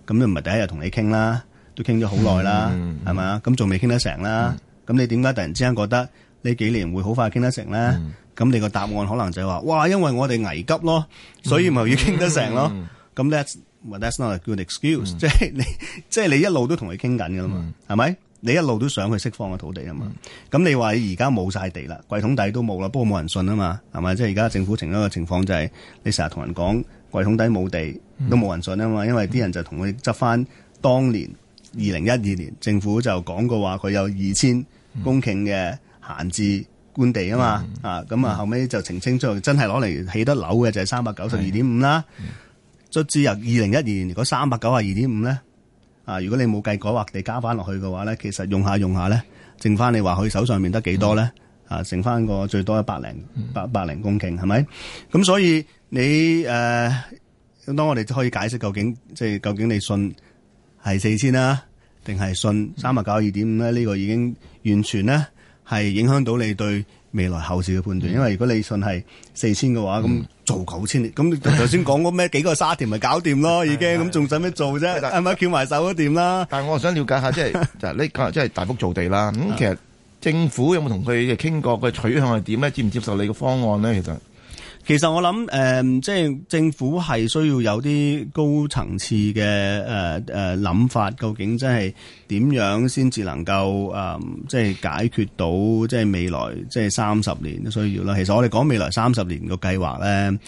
Speaker 3: 咁又唔係第一日同你傾啦。都傾咗好耐啦，係咪、mm？咁仲未傾得成啦？咁、mm hmm. 你點解突然之間覺得呢幾年會好快傾得成咧？咁、mm hmm. 你個答案可能就係話：哇，因為我哋危急咯，所以咪要傾得成咯。咁、mm hmm. That's that's not a good excuse、mm。Hmm. 即係你，即係你一路都同佢傾緊噶嘛？係咪、mm hmm.？你一路都想去釋放個土地啊嘛？咁、mm hmm. 你話你而家冇晒地啦，櫃桶底都冇啦，不過冇人信啊嘛？係咪？即係而家政府成咗個情況就係，你成日同人講櫃桶底冇地都冇人信啊嘛？Mm hmm. 因為啲人就同佢執翻當年。二零一二年政府就講過話，佢有二千公頃嘅閒置官地啊嘛，嗯、啊咁、嗯嗯嗯、啊後尾就澄清出，真係攞嚟起得樓嘅就係三百九十二點五啦。卒之、嗯嗯、由二零一二年嗰三百九十二點五咧，啊如果你冇計改劃地加翻落去嘅話咧，其實用下用下咧，剩翻你話佢手上面得幾多咧？嗯、啊剩翻個最多一百零百百零公頃，係咪？咁、嗯、所以你誒、呃，當我哋可以解釋究竟即係究竟你信？係四千啦，定係、啊、信三百九十二點五咧？呢、這個已經完全呢，係影響到你對未來後事嘅判斷。嗯、因為如果你信係四千嘅話，咁做九千，咁頭先講嗰咩幾個沙田咪搞掂咯，已經咁仲使咩做啫？係咪翹埋手都掂啦？啊、但係、啊、我想了解下， *laughs* 即係
Speaker 2: 就呢個即係大幅造地啦。咁其實政府有冇同佢傾過嘅取向係點呢？接唔接受你嘅方案呢？其實？其實我諗誒、嗯，即係政府係需要有啲
Speaker 3: 高層次嘅誒誒諗法，究竟真係點樣先至能夠誒、嗯，即係解決到即係未來即係三十年嘅需要啦。其實我哋講未來三十年個計劃咧，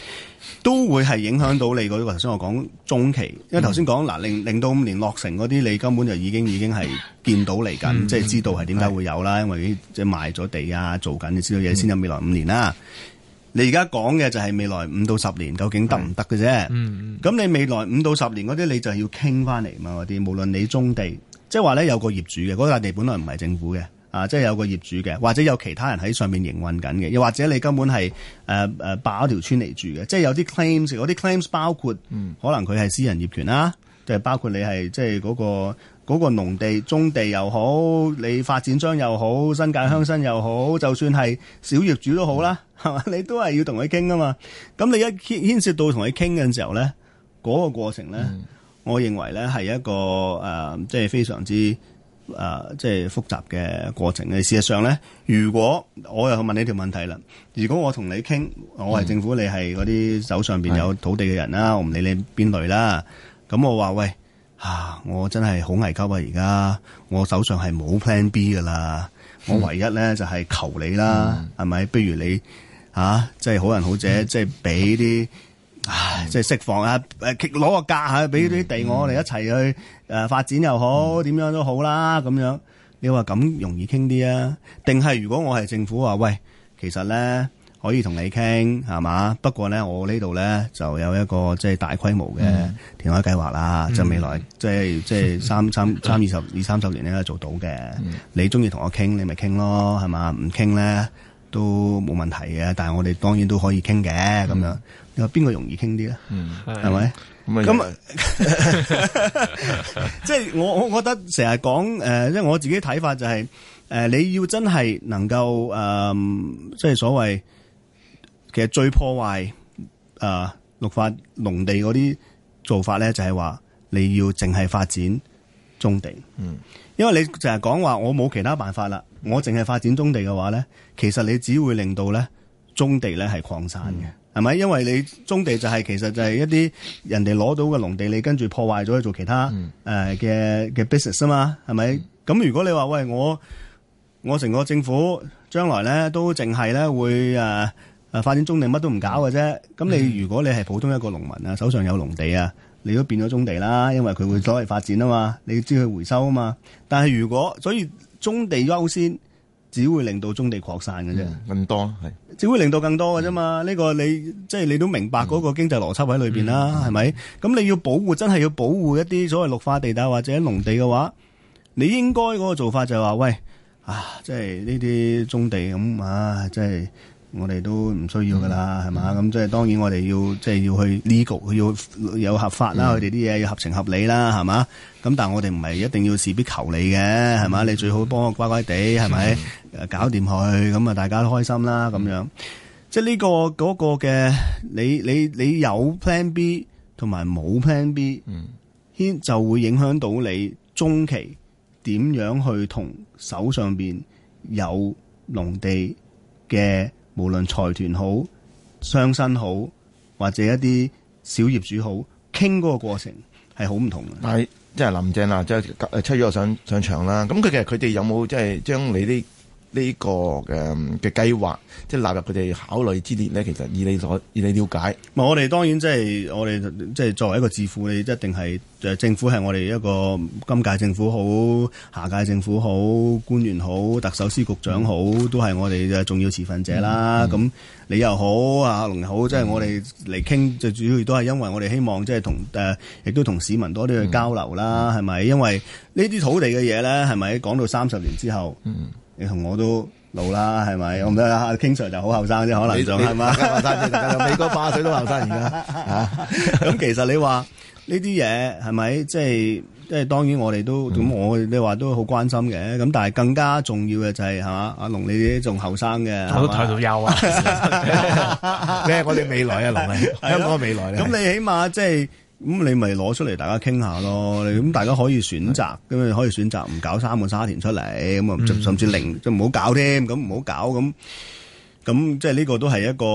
Speaker 3: 都會係影響到你嗰啲。頭先我講中期，因為頭先講嗱，令令到五年落成嗰啲，你根本就已經已經係見到嚟緊，嗯、即係知道係點解會有啦。的因為啲即係賣咗地啊，做緊呢啲嘢，先、嗯、有未來五年啦、啊。你而家講嘅就係未來五到十年究竟得唔得嘅啫。嗯嗯，咁你未來五到十年嗰啲，你就係要傾翻嚟嘛嗰啲。無論你中地，即係話咧有個業主嘅嗰塊地，本來唔係政府嘅啊，即係有個業主嘅，或者有其他人喺上面營運緊嘅，又或者你根本係誒誒霸一條村嚟住嘅。即係有啲 claims，嗰啲 claims 包括可能佢係私人業權啦，嗯，就係包括你係即係嗰個。嗰個農地、中地又好，你發展商又好，新界鄉紳又好，就算係小業主都好啦，係嘛？你都係要同佢傾噶嘛？咁你一牽涉到同佢傾嘅時候咧，嗰個過程咧，我認為咧係一個誒，即係非常之誒，即係複雜嘅過程。咧事實上咧，如果我又去問你條問題啦，如果我同你傾，我係政府，你係嗰啲手上邊有土地嘅人啦，我唔理你邊類啦，咁我話喂，啊！我真係好危急啊！而家我手上係冇 plan B 嘅啦，嗯、我唯一咧就係、是、求你啦，係咪、嗯？是不是不如你嚇，即、啊、係、就是、好人好者，即係俾啲，即係、啊就是、釋放啊！攞個價嚇，俾啲、啊、地我哋、嗯、一齊去誒、啊、發展又好，點、嗯、樣都好啦咁樣。你話咁容易傾啲啊？定係如果我係政府話，喂，其實咧。可以同你傾係嘛？不過咧，我呢度咧就有一個即係大規模嘅填海計劃啦，就、mm. 未來 *laughs* 即係即係三三三二十二三十年咧做到嘅、mm.。你中意同我傾，你咪傾咯係嘛？唔傾咧都冇問題嘅。但係我哋當然都可以傾嘅咁樣。你話邊個容易傾啲咧？係咪
Speaker 2: 咁啊？即係我我覺得
Speaker 3: 成日講誒，即、呃、係、就是、我自己睇法就係、是、誒、呃，你要真係能夠誒、呃呃，即係所謂，所謂其實最破壞誒綠化農地嗰啲做法咧，就係、是、話你要淨係發展棕地，嗯，因為你成日講話我冇其他辦法啦，我淨係發展棕地嘅話咧，其實你只會令到咧棕地咧係擴散嘅，係咪、嗯？因為你棕地就係、是、其實就係一啲人哋攞到嘅農地，你跟住破壞咗去做其他誒嘅嘅 business 啊嘛，係咪？咁、嗯、如果你話喂，我我成個政府將來咧都淨係咧會誒。呃呃呃誒發展棕地乜都唔搞嘅啫，咁你如果你係普通一個農民啊，手上有農地啊，你都變咗棕地啦，因為佢會所謂發展啊嘛，你知佢回收啊嘛。但係如果所以棕地優先，只會令到棕地擴散嘅啫，嗯，更多係只會令到更多嘅啫嘛。呢、嗯、個你即係、就是、你都明白嗰個經濟邏輯喺裏邊啦，係咪、嗯？咁你要保護，真係要保護一啲所謂綠化地帶或者農地嘅話，你應該嗰個做法就係、是、話：喂，啊，即係呢啲棕地咁啊，即、就、係、是。啊就是我哋都唔需要噶啦，係嘛？咁即係當然，我哋要即係要去 legal 局，要有合法啦，佢哋啲嘢要合情合理啦，係嘛？咁但係我哋唔係一定要事必求你嘅，係嘛？你最好幫我乖乖地，係咪？誒，搞掂佢，咁啊，大家都開心啦，咁樣。即係呢個嗰個嘅，你你你有 Plan B 同埋冇 Plan B，牽就會影響到你中期點樣去同手上邊有農地嘅。無論財團好、商身好，或者一啲小業主好，傾嗰個過程
Speaker 2: 係好唔同嘅。但係，即係林鄭啊，即係出咗上上場啦。咁佢其實佢哋有冇即係將你啲呢個嘅嘅、嗯、計劃，即係納入佢哋考慮之列咧。其實以，以你所以你瞭解，嗯、我哋當然即、就、係、是、我哋即係作為一個
Speaker 3: 智庫，你一定係誒政府係我哋一個今屆政府好，下屆政府好，官員好，特首司局長好，都係我哋嘅重要持份者啦。咁、嗯嗯、你又好阿龍又好，即、就、係、是、我哋嚟傾最主要都係因為我哋希望即係同誒，亦、呃、都同市民多啲去交流啦。係咪、嗯嗯？因為呢啲土地嘅嘢咧，係咪講到三十年之後？嗯。你同我都老啦，係咪？我唔得啦，King Sir 就好後生啫，可能仲係嘛？後生，美國八十歲都後生而家。咁、啊、其實你話呢啲嘢係咪？即係即係，當然我哋都咁，嗯、我你話都好關心嘅。咁但係更加重要嘅就係係嘛？阿龍你仲後生嘅，我都睇到
Speaker 1: 憂啊。
Speaker 2: 咩？ *laughs* *laughs* 我哋未來阿龍，香港未
Speaker 3: 來咧。咁 *laughs* 你起碼即係。咁你咪攞出嚟大家傾下咯，咁大家可以選擇，咁你的可以選擇唔搞三個沙田出嚟，咁啊、嗯、甚至零就唔好搞添，咁唔好搞咁，咁即係呢、這個都係一個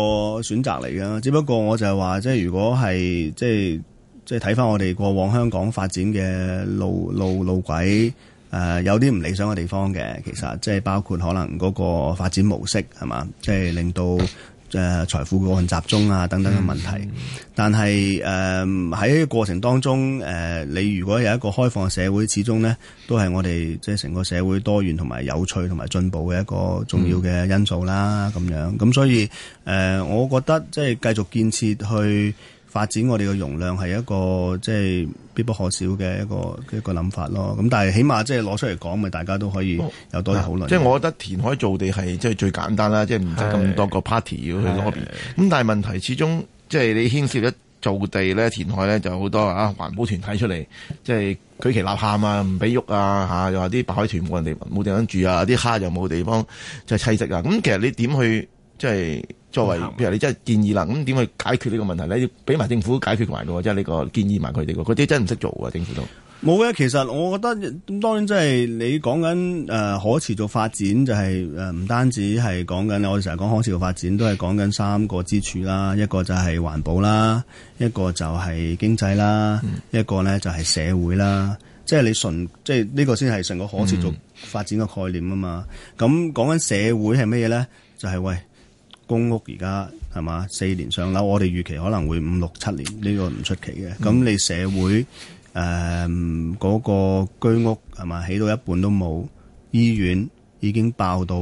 Speaker 3: 選擇嚟嘅。只不過我就係話，即係如果係即係即係睇翻我哋過往香港發展嘅路路路軌，誒、呃、有啲唔理想嘅地方嘅，其實即係包括可能嗰個發展模式係嘛，即係令到。嘅、啊、財富過分集中啊，等等嘅問題，嗯、但係誒喺過程當中，誒、呃、你如果有一個開放嘅社會，始終呢都係我哋即係成個社會多元同埋有趣同埋進步嘅一個重要嘅因素啦。咁、嗯、樣咁所以誒、呃，我覺得即係繼續建設去。發展我哋嘅容量係一個即係必不可少嘅一個一個諗法咯。咁但係起碼即係攞出嚟講，咪大家
Speaker 2: 都可以有多啲討論、嗯。即係我覺得填海造地係即係最簡單啦，即係唔使咁多個 party 要去 lobby。咁但係問題始終即係你牽涉咗造地咧、填海咧，就有好多啊環保團體出嚟，即係舉旗立喊啊，唔俾喐啊，嚇又話啲白海豚冇人哋冇地方住啊，啲蝦又冇地方即係棲息啊。咁其實你點去即係？即作為譬如你真係建議啦，咁、嗯、點去解決呢個問題咧？要俾埋政府解決埋嘅即係呢個建議埋佢哋嘅。佢哋真係唔識做啊，政府都
Speaker 3: 冇嘅。其實我覺得，當然即係你講緊誒可持續發展，就係誒唔單止係講緊，我哋成日講可持續發展都係講緊三個支柱啦，一個就係環保啦，一個就係經濟啦，嗯、一個咧就係社會啦。即係你純即係呢個先係成個可持續發展嘅概念啊嘛。咁講緊社會係咩咧？就係喂。公屋而家係嘛四年上樓，我哋預期可能會五六七年，呢個唔出奇嘅。咁、嗯、你社會誒嗰、呃那個居屋係嘛起到一半都冇，醫院已經爆到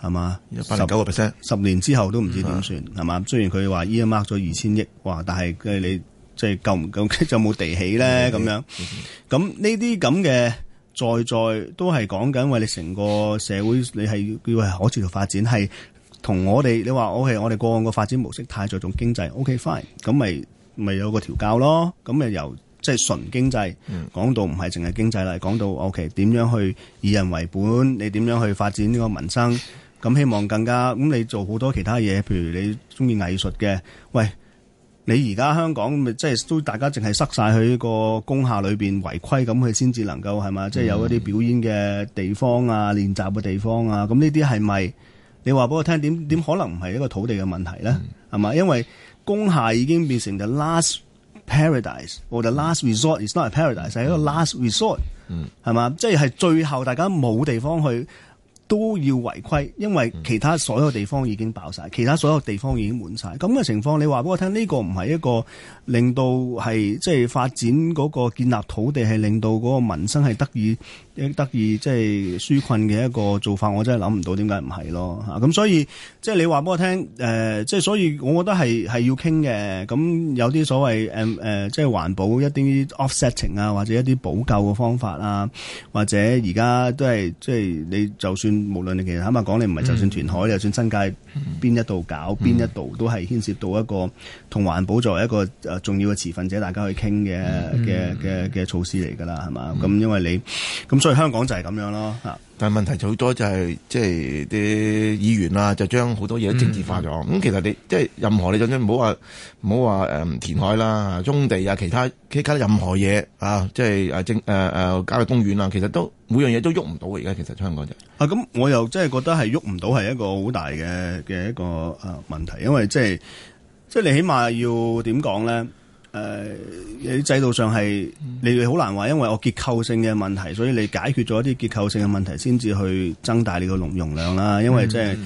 Speaker 3: 係嘛，八十九個 percent，十年之後都唔知點算係嘛、嗯是？雖然佢話依家 mark 咗二千億哇，但係嘅你即係、就是、夠唔夠？就冇地起咧？咁、嗯、哼樣咁呢啲咁嘅在在都係講緊話你成個社會你係要係可持續發展係。同我哋，你話、OK，我係我哋過往嘅發展模式太着重經濟，OK fine，咁咪咪有個調教咯。咁咪由即係純經濟講、嗯、到唔係淨係經濟啦，講到 OK 點樣去以人為本，你點樣去發展呢個民生？咁希望更加咁，你做好多其他嘢，譬如你中意藝術嘅，喂，你而家香港咪即係都大家淨係塞晒去呢個工廈裏邊違規咁，佢先至能夠係嘛？即係、就是、有一啲表演嘅地方啊，練習嘅地方啊，咁呢啲係咪？你話俾我聽點點可能唔係一個土地嘅問題咧，係嘛、嗯？因為工廈已經變成咗 last paradise，or last resort is not a paradise，係、嗯、一個 last resort，係嘛、嗯？即係、就是、最後大家冇地方去都要違規，因為其他所有地方已經爆晒，其他所有地方已經滿晒。咁嘅情況，你話俾我聽呢、這個唔係一個令到係即係發展嗰個建立土地係令到嗰個民生係得以。得意即係紓困嘅一個做法，我真係諗唔到點解唔係咯吓。咁所以即係你話俾我聽誒，即係所以，我，呃、所以我覺得係係要傾嘅。咁有啲所謂誒誒即係環保一啲 offsetting 啊，或者一啲補救嘅方法啊，或者而家都係即係你就算無論你其實坦白講，你唔係就算填海，嗯、你就算新界邊一度搞邊、嗯、一度都係牽涉到一個同環保作為一個誒重要嘅持份者，大家去傾嘅嘅嘅嘅措施嚟噶啦，係嘛？咁、嗯、因為你咁所。香港就係咁樣咯，
Speaker 2: 但係問題就好多就係、係、即係啲議員啊，就將好多嘢都政治化咗。咁、嗯、其實你即係任何你就唔好話唔好話誒填海啦、棕地啊、其他其他任何嘢啊，即係誒政誒誒郊野公園啊，其實都每樣嘢都喐唔到嘅。而家其實香港就係、啊，咁我又真係覺得係喐唔到係一個好大嘅嘅一個誒
Speaker 3: 問題，因為即係即係你起碼要點講咧？誒，喺、呃、制度上係你好難話，因為我結構性嘅問題，所以你解決咗一啲結構性嘅問題，先至去增大你個容量啦。因為即係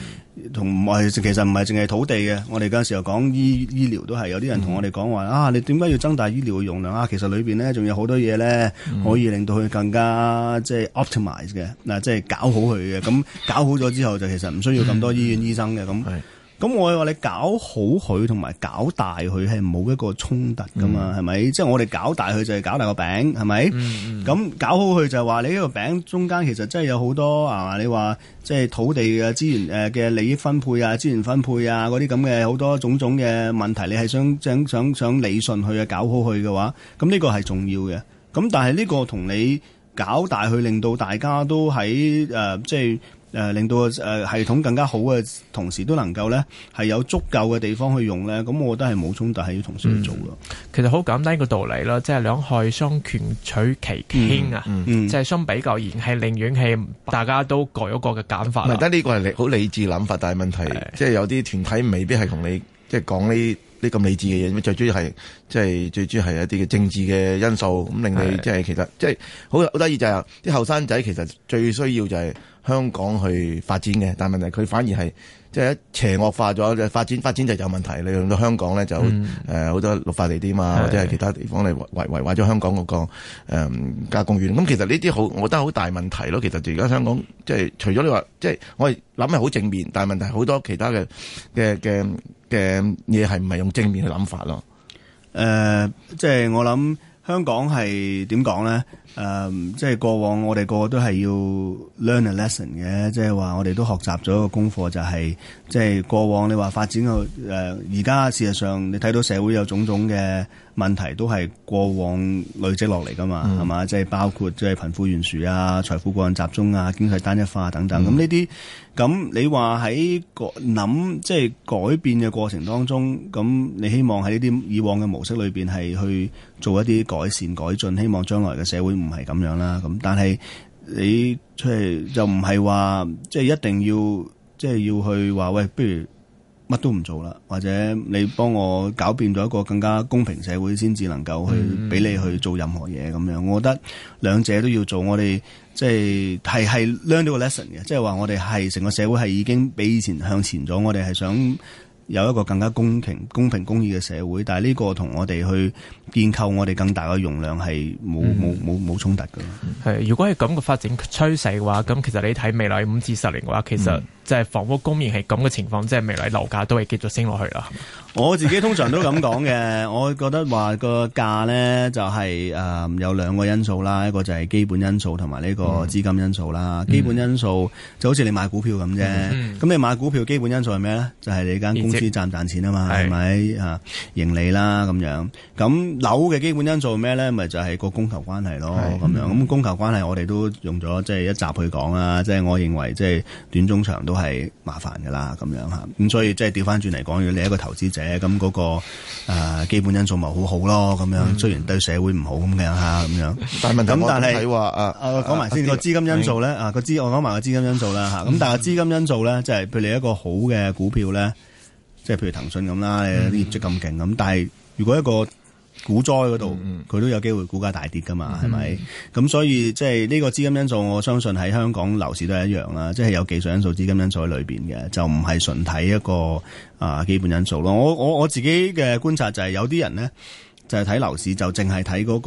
Speaker 3: 同其實唔係淨係土地嘅，我哋嗰陣時候講醫醫療都係有啲人同我哋講話啊，你點解要增大醫療嘅容量啊？其實裏邊呢，仲有好多嘢呢、嗯、可以令到佢更加即係 optimize 嘅嗱，即係、啊、搞好佢嘅。咁 *laughs* 搞好咗之後，就其實唔需要咁多醫院醫生嘅咁。嗯嗯嗯嗯嗯嗯咁我話你搞好佢同埋搞大佢係冇一個衝突噶嘛，係咪、嗯？即係我哋搞大佢就係搞大個餅，係咪？咁、嗯嗯、搞好佢就係話你呢個餅中間其實真係有好多啊！你話即係土地嘅資源誒嘅、呃、利益分配啊、資源分配啊嗰啲咁嘅好多種種嘅問題，你係想想想想理順佢啊、搞好佢嘅話，咁呢個係重要嘅。咁但係呢個同你搞大佢，令到大家都喺誒、呃、即係。誒令到誒系統更加好嘅同時，都能夠咧係有足夠嘅地方去用咧。咁我覺得係冇衝突，係要同時去做咯、嗯。
Speaker 1: 其實好簡單一個道理啦，即係兩害相權取其輕啊，即係、嗯嗯、相比較而言，係寧願係大家都各有各嘅簡法減法啦。覺得
Speaker 2: 呢、嗯嗯嗯、個係好理智諗法，但係問題即係是 有啲團體未必係同你即係講呢呢咁理智嘅嘢，最主要係即係最主要係一啲嘅政治嘅因素咁令你即係是、就是、其實即係好好得意就係啲後生仔其實最需要就係。香港去發展嘅，但問題佢反而係即係一邪惡化咗，就發展發展就有問題。你用到香港咧，就誒好多綠化地點啊，是的 或者係其他地方嚟毀毀壞咗香港嗰個誒加工園。咁、嗯嗯嗯嗯、其實呢啲好，我覺得好大問題咯。其實而家香港即係、嗯就是、除咗你話，即、就、係、是、我係諗係好正面，但係問題好多其他嘅嘅嘅嘅嘢係唔係用正面去諗法咯？誒、呃，即係我諗。
Speaker 3: 香港係點講咧？誒、呃，即係過往我哋個個都係要 learn a lesson 嘅，即係話我哋都學習咗一個功課、就係，就係即係過往你話發展到。誒、呃，而家事實上你睇到社會有種種嘅。問題都係過往累積落嚟㗎嘛，係嘛、嗯？即係、就是、包括即係貧富懸殊啊、財富過分集中啊、經濟單一化、啊、等等。咁呢啲咁你話喺諗即係改變嘅過程當中，咁你希望喺呢啲以往嘅模式裏邊係去做一啲改善改進，希望將來嘅社會唔係咁樣啦。咁但係你出係就唔係話即係一定要即係、就是、要去話喂，不如？乜都唔做啦，或者你幫我搞變咗一個更加公平社會，先至能夠去俾你去做任何嘢咁樣。我覺得兩者都要做我，就是就是、我哋即係係係 learn 到個 lesson 嘅，即係話我哋係成個社會係已經比以前向前咗，我哋係想有一個更加公平、公平、公義嘅社會。但係呢個同我哋去建構我哋更大
Speaker 1: 嘅容量係
Speaker 3: 冇冇冇冇衝突噶。
Speaker 1: 係如果係咁嘅發展趨勢嘅話，咁其實你睇未來五至十年嘅話，其實、嗯。即係房屋供應係咁嘅情況，即、就、係、是、未來樓價都係繼續升落去啦。
Speaker 3: 我自己通常都咁講嘅， *laughs* 我覺得話個價咧就係、是、誒、呃、有兩個因素啦，一個就係基本因素同埋呢個資金因素啦。基本因素就好似你買股票咁啫，咁、嗯嗯、你買股票基本因素係咩咧？就係、是、你間公司賺唔賺錢啊嘛，係咪啊？是是是盈利啦咁樣。咁樓嘅基本因素係咩咧？咪就係、是、個供求關係咯。咁是樣咁、嗯、供求關係，我哋都用咗即係一集去講啦。即、就、係、是、我認為即係短中長都都係麻煩噶啦，咁樣吓，咁所以即係調翻轉嚟講，如果你一個投資者，咁嗰、那個誒、呃、基本因素咪好好咯，咁樣雖然對社會唔好咁樣吓，咁樣。咁但係問題誒誒，講埋、啊啊、先個資、啊、金因素咧，嗯、啊個資我講埋個資金因素啦吓，咁、嗯、但係資金因素咧，即、就、係、是、譬如你一個好嘅股票咧，即係譬如騰訊咁啦，啲業績咁勁咁，嗯、但係如果一個。股災嗰度，佢、嗯、都有機會股價大跌噶嘛，係咪、嗯？咁所以即係呢個資金因素，我相信喺香港樓市都係一樣啦，即係有技術因素、資金因素喺裏邊嘅，就唔係純睇一個啊基本因素咯。我我我自己嘅觀察就係有啲人呢，就係睇樓市就淨係睇嗰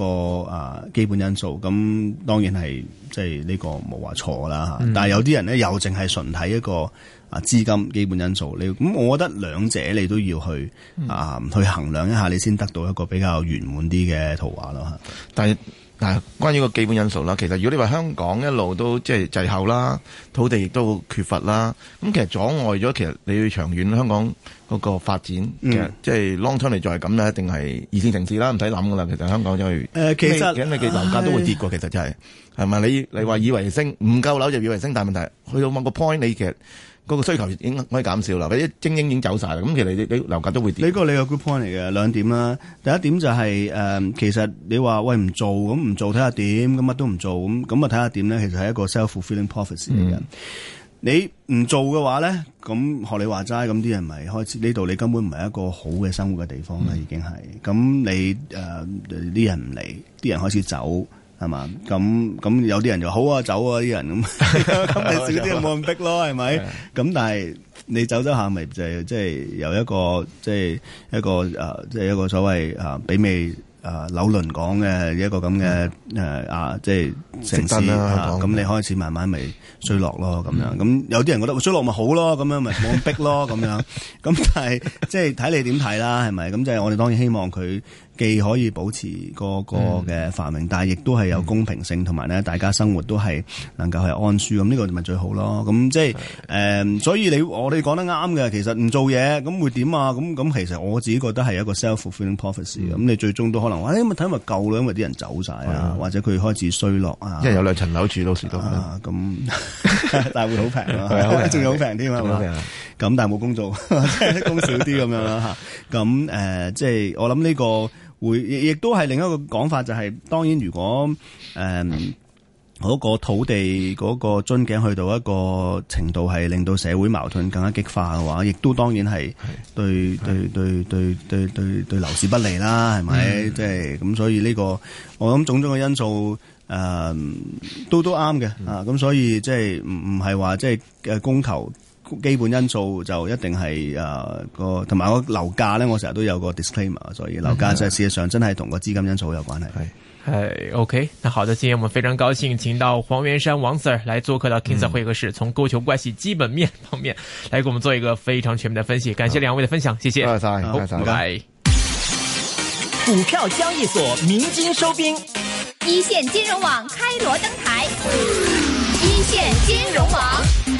Speaker 3: 個啊基本因素，咁當然係即係呢個冇話錯啦。吓嗯、但係有啲人呢，又淨係純睇一個。啊，資金基本因素你咁，我覺得兩者
Speaker 2: 你都要去啊，嗯、去衡量一下，你先得到一個比較圓滿啲嘅圖畫咯嚇。但係嗱，關於個基本因素啦，其實如果你話香港一路都即係、就是、滯後啦，土地亦都缺乏啦，咁其實阻礙咗其實你長遠香港嗰個發展即係、嗯、long term 嚟就係咁啦，一定係二線城市啦，唔使諗㗎喇。其實香港因為誒，其實你嘅樓價都會跌過，是其實就係係咪你你話以為升，唔夠樓就以為升，但係問題去到某個 point，你其實嗰個需求已經可以減少啦，嗰啲精英已經走曬啦。咁其實你你樓價都會跌。呢個你個 good point 嚟嘅兩點啦。第一點就係誒，其實你
Speaker 3: 話，喂唔做咁唔做睇下點，咁乜都唔做咁咁啊睇下點咧。其實係一個 self fulfilling prophecy 嚟嘅。你唔做嘅話咧，咁學你話齋，咁啲人咪開始呢度，你根本唔係一個好嘅生活嘅地方啦。已經係咁，你誒啲人唔嚟，啲人開始走。係嘛？咁咁有啲人就好啊，走啊啲人咁，咁咪少啲人冇咁逼咯，係咪？咁 *laughs* 但係你走咗下、就是，咪就即、是、係有一個，即、就、係、是、一個誒，即、呃、係、就是、一個所謂誒，比美誒柳倫港嘅一個咁嘅誒啊，即、呃、係、呃就是、城市啊。咁、嗯、你開始慢慢咪衰落咯，咁樣。咁、嗯、有啲人覺得衰落咪好咯，咁樣咪冇咁逼咯，咁 *laughs* 樣。咁但係即係睇你點睇啦，係咪？咁就我哋當然希望佢。既可以保持個個嘅繁榮，但係亦都係有公平性，同埋咧大家生活都係能夠係安舒咁，呢個咪最好咯。咁即係誒，所以你我哋講得啱嘅，其實唔做嘢咁會點啊？咁咁其實我自己覺得係一個 self-fulfilling prophecy 咁，你最終都可能話誒，咪睇咪夠啦，因為啲人走晒啊，或者佢開始衰落啊，因為有
Speaker 2: 兩層樓住，到時都咁
Speaker 3: 大會好平啊，仲有平添啊，咁但係冇工做，工少啲咁樣啦嚇。咁誒，即係我諗呢個。會亦都係另一個講法，就係、是、當然如果誒嗰、嗯、是個土地嗰個樽頸去到一個程度，係令到社會矛盾更加激化嘅話，亦都當然係對是對對對對對對樓市不利啦，係咪？即係咁，所以呢個我諗種種嘅因素誒都都啱嘅啊！咁所以即係唔唔係話即係誒供求。基本因素就一定係誒個，同埋個樓價呢。我成日都有個 disclaimer，所以樓價即係事實上真係同個資金因素有關係。係、嗯，誒
Speaker 1: ，OK，那好的，今天我們非常高興，請到黃元山黃 Sir 來做客到 King Sir、er、會客室，從供求關係基本面方面來給我們做一個非常全面的分析。感謝兩位的分享，好謝謝。好，拜拜。股票交易所鳴金收兵，一線金融網開鑼登台，一線金融網。